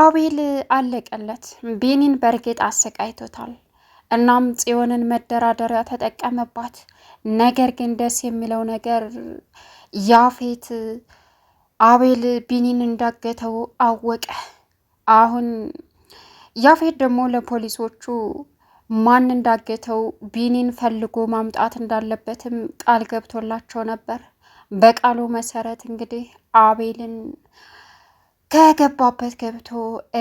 አቤል አለቀለት። ቢኒን በእርግጥ አሰቃይቶታል። እናም ጽዮንን መደራደሪያ ተጠቀመባት። ነገር ግን ደስ የሚለው ነገር ያፌት አቤል ቢኒን እንዳገተው አወቀ። አሁን ያፌት ደግሞ ለፖሊሶቹ ማን እንዳገተው ቢኒን ፈልጎ ማምጣት እንዳለበትም ቃል ገብቶላቸው ነበር። በቃሉ መሰረት እንግዲህ አቤልን ከገባበት ገብቶ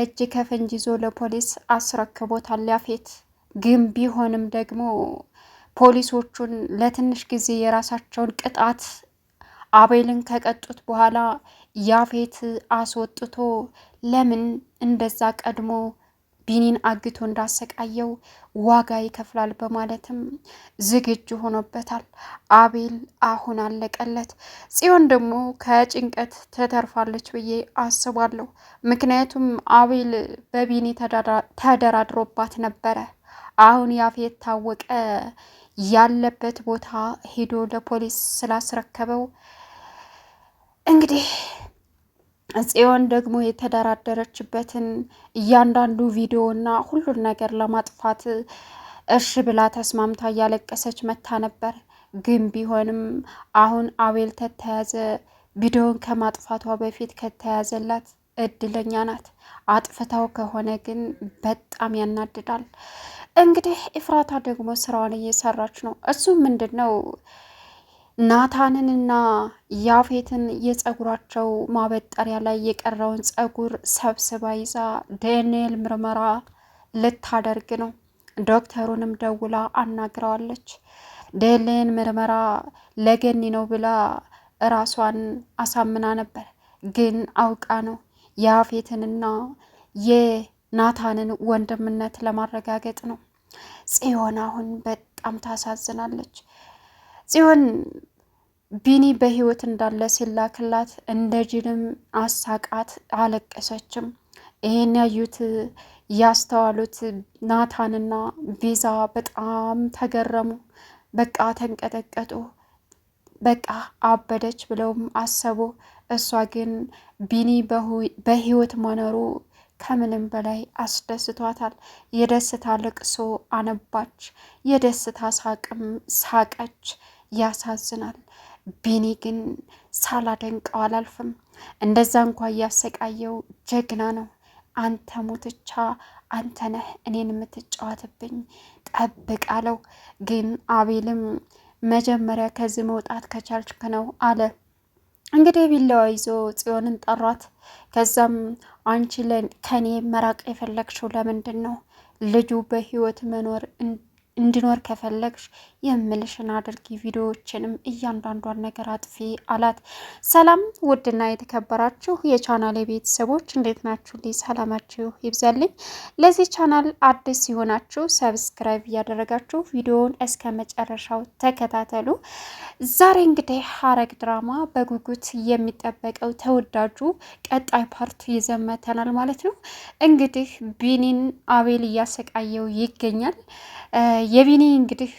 እጅ ከፍንጅ ይዞ ለፖሊስ አስረክቦታል። ያፌት ግን ቢሆንም ደግሞ ፖሊሶቹን ለትንሽ ጊዜ የራሳቸውን ቅጣት አቤልን ከቀጡት በኋላ ያፌት አስወጥቶ ለምን እንደዛ ቀድሞ ቢኒን አግቶ እንዳሰቃየው ዋጋ ይከፍላል በማለትም ዝግጁ ሆኖበታል። አቤል አሁን አለቀለት። ጽዮን ደግሞ ከጭንቀት ተተርፋለች ብዬ አስባለሁ። ምክንያቱም አቤል በቢኒ ተደራድሮባት ነበረ። አሁን ያፌት ታወቀ ያለበት ቦታ ሄዶ ለፖሊስ ስላስረከበው እንግዲህ ጽዮን ደግሞ የተደራደረችበትን እያንዳንዱ ቪዲዮ እና ሁሉን ነገር ለማጥፋት እሺ ብላ ተስማምታ እያለቀሰች መታ ነበር። ግን ቢሆንም አሁን አቤል ተተያዘ። ቪዲዮን ከማጥፋቷ በፊት ከተያዘላት እድለኛ ናት። አጥፍታው ከሆነ ግን በጣም ያናድዳል። እንግዲህ ኢፍራታ ደግሞ ስራዋን እየሰራች ነው። እሱም ምንድን ነው ናታንንና ያፌትን የፀጉራቸው ማበጠሪያ ላይ የቀረውን ፀጉር ሰብስባ ይዛ ዴንኤል ምርመራ ልታደርግ ነው። ዶክተሩንም ደውላ አናግረዋለች። ዴንኤል ምርመራ ለገኒ ነው ብላ እራሷን አሳምና ነበር፣ ግን አውቃ ነው ያፌትንና የናታንን ወንድምነት ለማረጋገጥ ነው። ጽዮን አሁን በጣም ታሳዝናለች። ጽዮን ቢኒ በህይወት እንዳለ ሲላክላት እንደ ጅልም አሳቃት፣ አለቀሰችም። ይሄን ያዩት ያስተዋሉት ናታንና ቤዛ በጣም ተገረሙ። በቃ ተንቀጠቀጡ። በቃ አበደች ብለውም አሰቡ። እሷ ግን ቢኒ በህይወት መኖሩ ከምንም በላይ አስደስቷታል። የደስታ ልቅሶ አነባች፣ የደስታ ሳቅም ሳቀች። ያሳዝናል። ቢኒ ግን ሳላደንቀው አላልፍም። እንደዛ እንኳ እያሰቃየው ጀግና ነው። አንተ ሙትቻ አንተ ነህ እኔን የምትጫወትብኝ ጠብቅ አለው። ግን አቤልም መጀመሪያ ከዚህ መውጣት ከቻልክ ነው አለ። እንግዲህ ቢላዋ ይዞ ጽዮንን ጠሯት። ከዛም አንቺ ከኔ መራቅ የፈለግሽው ለምንድን ነው? ልጁ በህይወት መኖር እንዲኖር ከፈለግሽ የምልሽን አድርጊ፣ ቪዲዮዎችንም እያንዳንዷን ነገር አጥፊ አላት። ሰላም ውድና የተከበራችሁ የቻናል ቤተሰቦች እንዴት ናችሁ? ልይ ሰላማችሁ ይብዛልኝ። ለዚህ ቻናል አዲስ ሲሆናችሁ ሰብስክራይብ እያደረጋችሁ ቪዲዮውን እስከ መጨረሻው ተከታተሉ። ዛሬ እንግዲህ ሐረግ ድራማ በጉጉት የሚጠበቀው ተወዳጁ ቀጣይ ፓርት ይዘመተናል ማለት ነው። እንግዲህ ቢኒን አቤል እያሰቃየው ይገኛል። የቢኒ እንግዲህ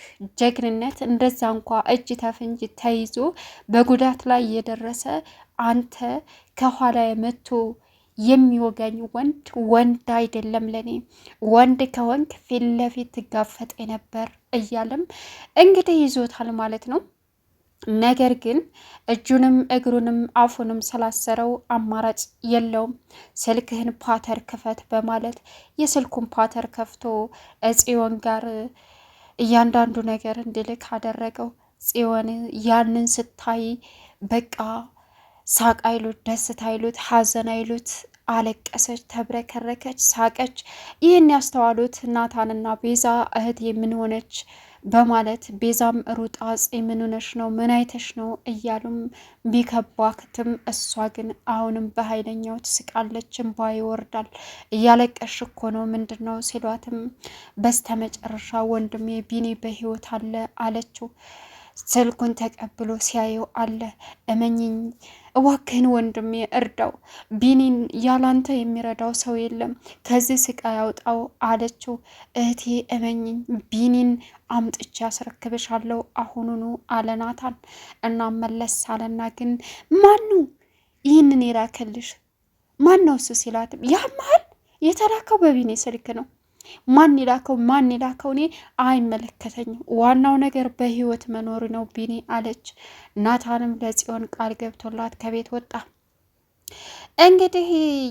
ጀግንነት እንደዛ እንኳ እጅ ተፍንጅ ተይዞ በጉዳት ላይ የደረሰ አንተ ከኋላ መቶ የሚወጋኝ ወንድ ወንድ አይደለም ለኔ ወንድ ከወንክ ፊት ለፊት ትጋፈጥ ነበር እያለም እንግዲህ ይዞታል ማለት ነው። ነገር ግን እጁንም እግሩንም አፉንም ስላሰረው አማራጭ የለውም። ስልክህን ፓተር ክፈት በማለት የስልኩን ፓተር ከፍቶ እጽዮን ጋር እያንዳንዱ ነገር እንዲልክ አደረገው። ጽዮን ያንን ስታይ በቃ ሳቅ አይሉት፣ ደስታ አይሉት፣ ሀዘን አይሉት አለቀሰች፣ ተብረከረከች፣ ሳቀች። ይህን ያስተዋሉት ናታንና ቤዛ እህት የምንሆነች በማለት ቤዛም ሩጣ ፄ ምን ሆነሽ ነው? ምን አይተሽ ነው? እያሉም ቢከቧክትም እሷ ግን አሁንም በኃይለኛው ትስቃለች፣ እንባ ይወርዳል። እያለቀሽ እኮ ነው ምንድን ነው ሲሏትም በስተመጨረሻ ወንድሜ ቢኒ በህይወት አለ አለችው። ስልኩን ተቀብሎ ሲያየው አለ እመኝኝ እባክህን ወንድሜ እርዳው፣ ቢኒን ያላንተ የሚረዳው ሰው የለም፣ ከዚህ ስቃይ ያውጣው አለችው። እህቴ እመኝኝ፣ ቢኒን አምጥቼ አለው አሁኑኑ አለናታል። እናም መለስ አለና ግን ማኑ ይህንን የላከልሽ ማን ነው እሱ ሲላትም ያ መሀል የተላከው በቢኒ ስልክ ነው ማን ይላከው ማን ይላከው እኔ አይመለከተኝም፣ ዋናው ነገር በህይወት መኖር ነው ቢኒ አለች። ናታንም ለጽዮን ቃል ገብቶላት ከቤት ወጣ። እንግዲህ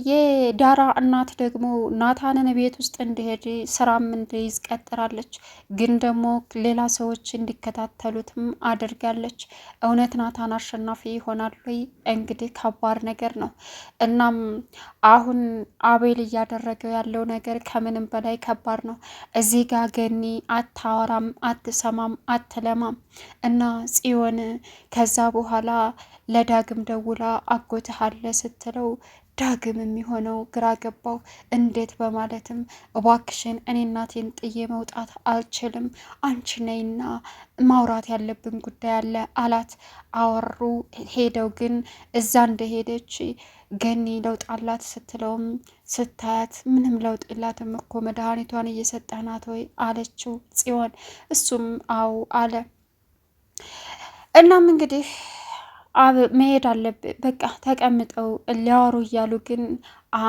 የዳራ እናት ደግሞ ናታንን ቤት ውስጥ እንዲሄድ ስራም እንዲይዝ ቀጥራለች። ግን ደግሞ ሌላ ሰዎች እንዲከታተሉትም አድርጋለች። እውነት ናታን አሸናፊ ይሆናል ወይ? እንግዲህ ከባድ ነገር ነው። እናም አሁን አቤል እያደረገው ያለው ነገር ከምንም በላይ ከባድ ነው። እዚህ ጋ ገኒ አታወራም፣ አትሰማም፣ አትለማም እና ጽዮን ከዛ በኋላ ለዳግም ደውላ አጎትህ አለ ስትለው ዳግም የሚሆነው ግራ ገባው። እንዴት በማለትም እባክሽን እኔ እናቴን ጥዬ መውጣት አልችልም፣ አንቺ ነይና ማውራት ያለብን ጉዳይ አለ አላት። አወሩ። ሄደው ግን እዛ እንደሄደች ገኒ ለውጥ አላት ስትለውም ስታያት ምንም ለውጥ የላትም እኮ መድኃኒቷን እየሰጠናት ወይ አለችው ጽዮን። እሱም አው አለ። እናም እንግዲህ አብ መሄድ አለብህ በቃ ተቀምጠው ሊያወሩ እያሉ ግን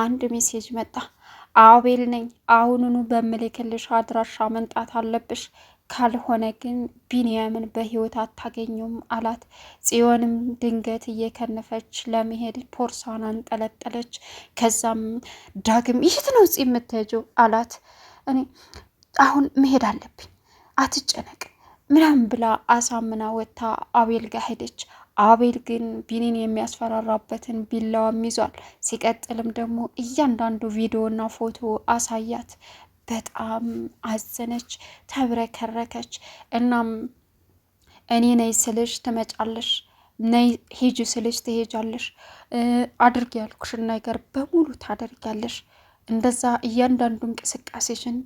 አንድ ሜሴጅ መጣ። አቤል ነኝ አሁኑኑ በምልክልሽ አድራሻ መምጣት አለብሽ ካልሆነ ግን ቢንያምን በህይወት አታገኙም አላት። ጽዮንም ድንገት እየከነፈች ለመሄድ ፖርሳን አንጠለጠለች። ከዛም ዳግም ይህት ነው ጽ የምትሄጂው አላት። እኔ አሁን መሄድ አለብኝ አትጨነቅ ምናምን ብላ አሳምና ወጥታ አቤል ጋ ሄደች። አቤል ግን ቢኒን የሚያስፈራራበትን ቢላዋም ይዟል። ሲቀጥልም ደግሞ እያንዳንዱ ቪዲዮና ፎቶ አሳያት። በጣም አዘነች፣ ተብረከረከች። እናም እኔ ነይ ስልሽ ትመጫለሽ፣ ነይ ሂጂ ስልሽ ትሄጃለሽ፣ አድርግ ያልኩሽን ነገር በሙሉ ታደርጊያለሽ። እንደዛ እያንዳንዱ እንቅስቃሴሽን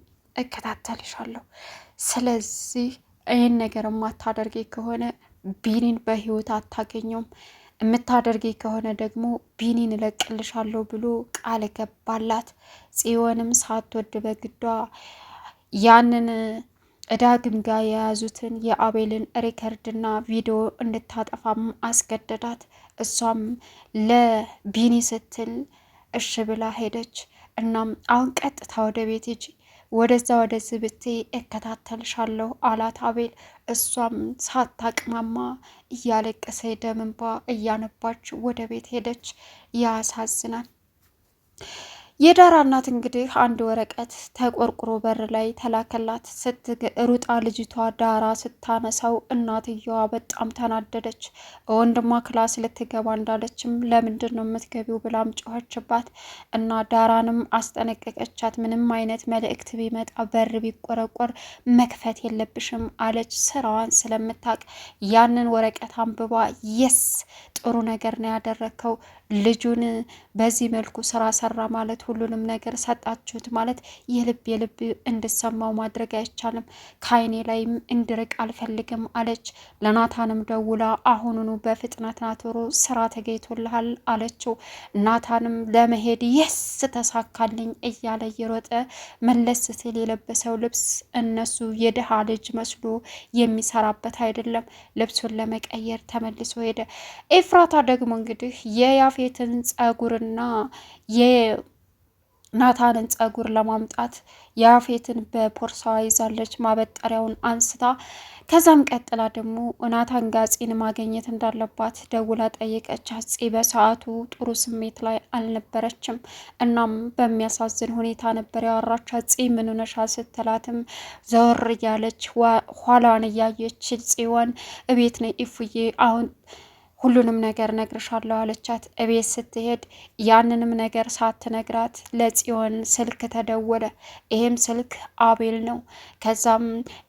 እከታተልሻለሁ። ስለዚህ ይህን ነገር የማታደርጊ ከሆነ ቢኒን በህይወት አታገኘውም፣ የምታደርጊ ከሆነ ደግሞ ቢኒን እለቅልሻለሁ ብሎ ቃል ገባላት። ጽዮንም ሳትወድ በግዷ ያንን እዳግም ጋር የያዙትን የአቤልን ሪከርድና ቪዲዮ እንድታጠፋም አስገደዳት። እሷም ለቢኒ ስትል እሽ ብላ ሄደች። እናም አሁን ቀጥታ ወደ ቤት ሂጂ ወደዛ ወደዚህ ብትይ እከታተልሻለሁ አላት አቤል። እሷም ሳታቅማማ እያለቀሰ ደም እንባ እያነባች ወደ ቤት ሄደች። ያሳዝናል። የዳራ እናት እንግዲህ አንድ ወረቀት ተቆርቁሮ በር ላይ ተላከላት። ስትሩጣ ልጅቷ ዳራ ስታነሳው እናትየዋ በጣም ተናደደች። ወንድሟ ክላስ ልትገባ እንዳለችም ለምንድን ነው የምትገቢው ብላም ጮኸችባት እና ዳራንም አስጠነቀቀቻት። ምንም አይነት መልእክት ቢመጣ በር ቢቆረቆር መክፈት የለብሽም አለች። ስራዋን ስለምታቅ ያንን ወረቀት አንብባ የስ ጥሩ ነገር ነው ያደረግከው ልጁን በዚህ መልኩ ስራ ሰራ ማለት ሁሉንም ነገር ሰጣችሁት ማለት የልብ የልብ እንድሰማው ማድረግ አይቻልም። ከአይኔ ላይም እንድርቅ አልፈልግም አለች። ለናታንም ደውላ አሁኑኑ በፍጥነት ናቶሮ ስራ ተገኝቶልሃል አለችው። ናታንም ለመሄድ የስ ተሳካልኝ እያለ እየሮጠ መለስ ስል የለበሰው ልብስ እነሱ የድሃ ልጅ መስሎ የሚሰራበት አይደለም። ልብሱን ለመቀየር ተመልሶ ሄደ። ኤፍራታ ደግሞ እንግዲህ የያፍ የያፌትን ጸጉርና የናታንን ጸጉር ለማምጣት ያፌትን በፖርሳዋ ይዛለች። ማበጠሪያውን አንስታ ከዛም ቀጥላ ደግሞ ናታን ጋር ጺን ማግኘት እንዳለባት ደውላ ጠየቀች። ጺ በሰዓቱ ጥሩ ስሜት ላይ አልነበረችም። እናም በሚያሳዝን ሁኔታ ነበር ያወራች። ጺ ምን ሆነሻል ስትላትም ዘወር እያለች ኋላዋን እያየች ጺዋን እቤት ነ እፉዬ አሁን ሁሉንም ነገር ነግርሻለሁ አለቻት። እቤት ስትሄድ ያንንም ነገር ሳትነግራት ለጽዮን ስልክ ተደወለ። ይሄም ስልክ አቤል ነው። ከዛም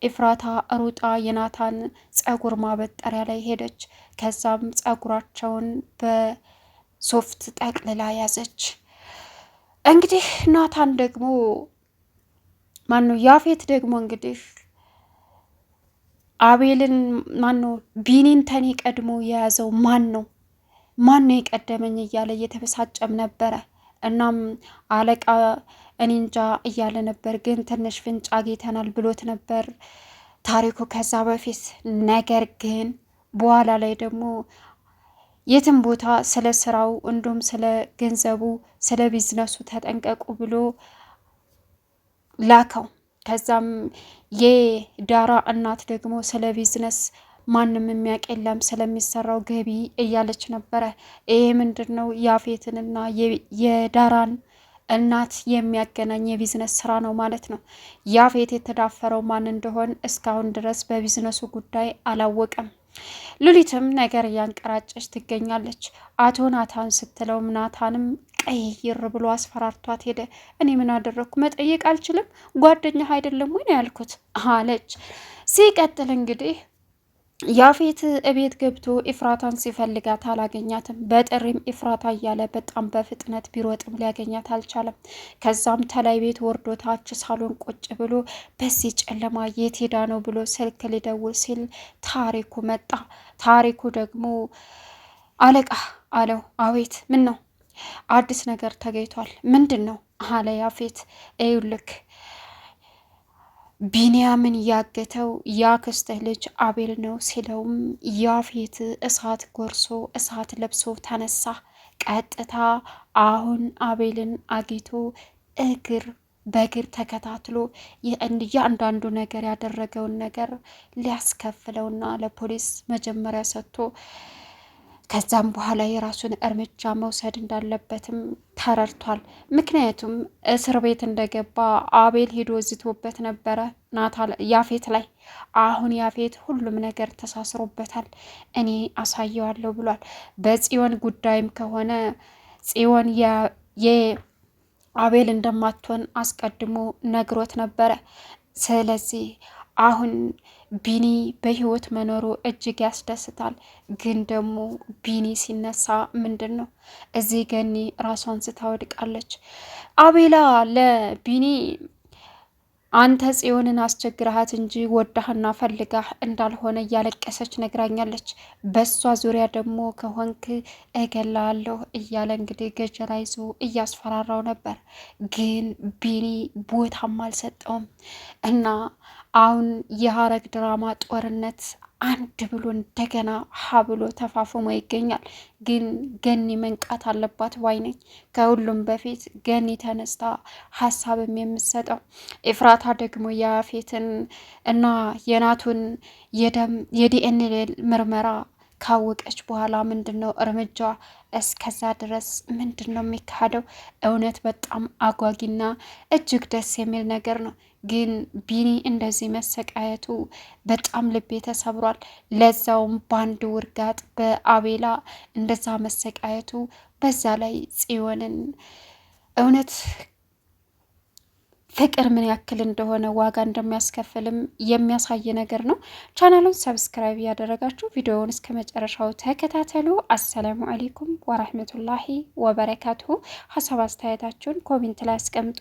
ኢፍራታ ሩጣ የናታን ጸጉር ማበጠሪያ ላይ ሄደች። ከዛም ጸጉራቸውን በሶፍት ጠቅልላ ያዘች። እንግዲህ ናታን ደግሞ ማነው ያፌት ደግሞ እንግዲህ አቤልን ማን ነው ቢኒን ተኔ ቀድሞ የያዘው ማን ነው ማን ነው የቀደመኝ እያለ እየተበሳጨም ነበረ። እናም አለቃ እኔ እንጃ እያለ ነበር፣ ግን ትንሽ ፍንጭ አግኝተናል ብሎት ነበር ታሪኩ ከዛ በፊት። ነገር ግን በኋላ ላይ ደግሞ የትም ቦታ ስለ ስራው እንዲሁም ስለ ገንዘቡ፣ ስለ ቢዝነሱ ተጠንቀቁ ብሎ ላከው። ከዛም የዳራ እናት ደግሞ ስለ ቢዝነስ ማንም የሚያውቅ የለም ስለሚሰራው ገቢ እያለች ነበረ። ይሄ ምንድን ነው? ያፌትንና የዳራን እናት የሚያገናኝ የቢዝነስ ስራ ነው ማለት ነው። ያፌት የተዳፈረው ማን እንደሆን እስካሁን ድረስ በቢዝነሱ ጉዳይ አላወቀም። ሉሊትም ነገር እያንቀራጨች ትገኛለች። አቶ ናታን ስትለውም ናታንም ቀይር ብሎ አስፈራርቷት ሄደ። እኔ ምን አደረግኩ መጠየቅ አልችልም፣ ጓደኛ አይደለም ወይ ነው ያልኩት አለች። ሲቀጥል እንግዲህ ያፌት እቤት ገብቶ ኢፍራታን ሲፈልጋት አላገኛትም። በጥሪም ኢፍራታ እያለ በጣም በፍጥነት ቢሮጥም ሊያገኛት አልቻለም። ከዛም ተላይ ቤት ወርዶ ታች ሳሎን ቁጭ ብሎ በዚህ ጨለማ የት ሄዳ ነው ብሎ ስልክ ሊደውል ሲል ታሪኩ መጣ። ታሪኩ ደግሞ አለቃ አለው። አቤት ምን ነው አዲስ ነገር ተገኝቷል። ምንድን ነው አለ ያፌት። እዩልክ ቢንያምን ያገተው ያክስትህ ልጅ አቤል ነው ሲለውም ያፌት እሳት ጎርሶ እሳት ለብሶ ተነሳ። ቀጥታ አሁን አቤልን አግቶ እግር በእግር ተከታትሎ እያንዳንዱ ነገር ያደረገውን ነገር ሊያስከፍለውና ለፖሊስ መጀመሪያ ሰጥቶ ከዛም በኋላ የራሱን እርምጃ መውሰድ እንዳለበትም ተረድቷል። ምክንያቱም እስር ቤት እንደገባ አቤል ሄዶ ዝቶበት ነበረ ናታል ያፌት ላይ። አሁን ያፌት ሁሉም ነገር ተሳስሮበታል። እኔ አሳየዋለሁ ብሏል። በጽዮን ጉዳይም ከሆነ ጽዮን የአቤል እንደማትሆን አስቀድሞ ነግሮት ነበረ። ስለዚህ አሁን ቢኒ በህይወት መኖሩ እጅግ ያስደስታል። ግን ደግሞ ቢኒ ሲነሳ ምንድን ነው እዚህ ገኒ ራሷን ስታወድቃለች። አቤላ ለቢኒ አንተ ጽዮንን አስቸግረሃት እንጂ ወዳህና ፈልጋህ እንዳልሆነ እያለቀሰች ነግራኛለች። በእሷ ዙሪያ ደግሞ ከሆንክ እገላለሁ እያለ እንግዲህ ገጀራ ይዞ እያስፈራራው ነበር። ግን ቢኒ ቦታም አልሰጠውም እና አሁን የሐረግ ድራማ ጦርነት አንድ ብሎ እንደገና ሀ ብሎ ተፋፍሞ ይገኛል። ግን ገኒ መንቃት አለባት ባይ ነኝ። ከሁሉም በፊት ገኒ ተነስታ ሀሳብም የምሰጠው ኤፍራታ ደግሞ የአፌትን እና የናቱን የዲኤንኤ ምርመራ ካወቀች በኋላ ምንድን ነው እርምጃዋ? እስከዛ ድረስ ምንድን ነው የሚካሄደው? እውነት በጣም አጓጊና እጅግ ደስ የሚል ነገር ነው። ግን ቢኒ እንደዚህ መሰቃየቱ በጣም ልቤ ተሰብሯል። ለዛውም በአንድ ውርጋጥ በአቤላ እንደዛ መሰቃየቱ በዛ ላይ ጽዮንን እውነት ፍቅር ምን ያክል እንደሆነ ዋጋ እንደሚያስከፍልም የሚያሳይ ነገር ነው። ቻናሉን ሰብስክራይብ ያደረጋችሁ ቪዲዮውን እስከ መጨረሻው ተከታተሉ። አሰላሙ አሌይኩም ወራህመቱላሂ ወበረካቱሁ። ሀሳብ አስተያየታችሁን ኮሜንት ላይ አስቀምጡ።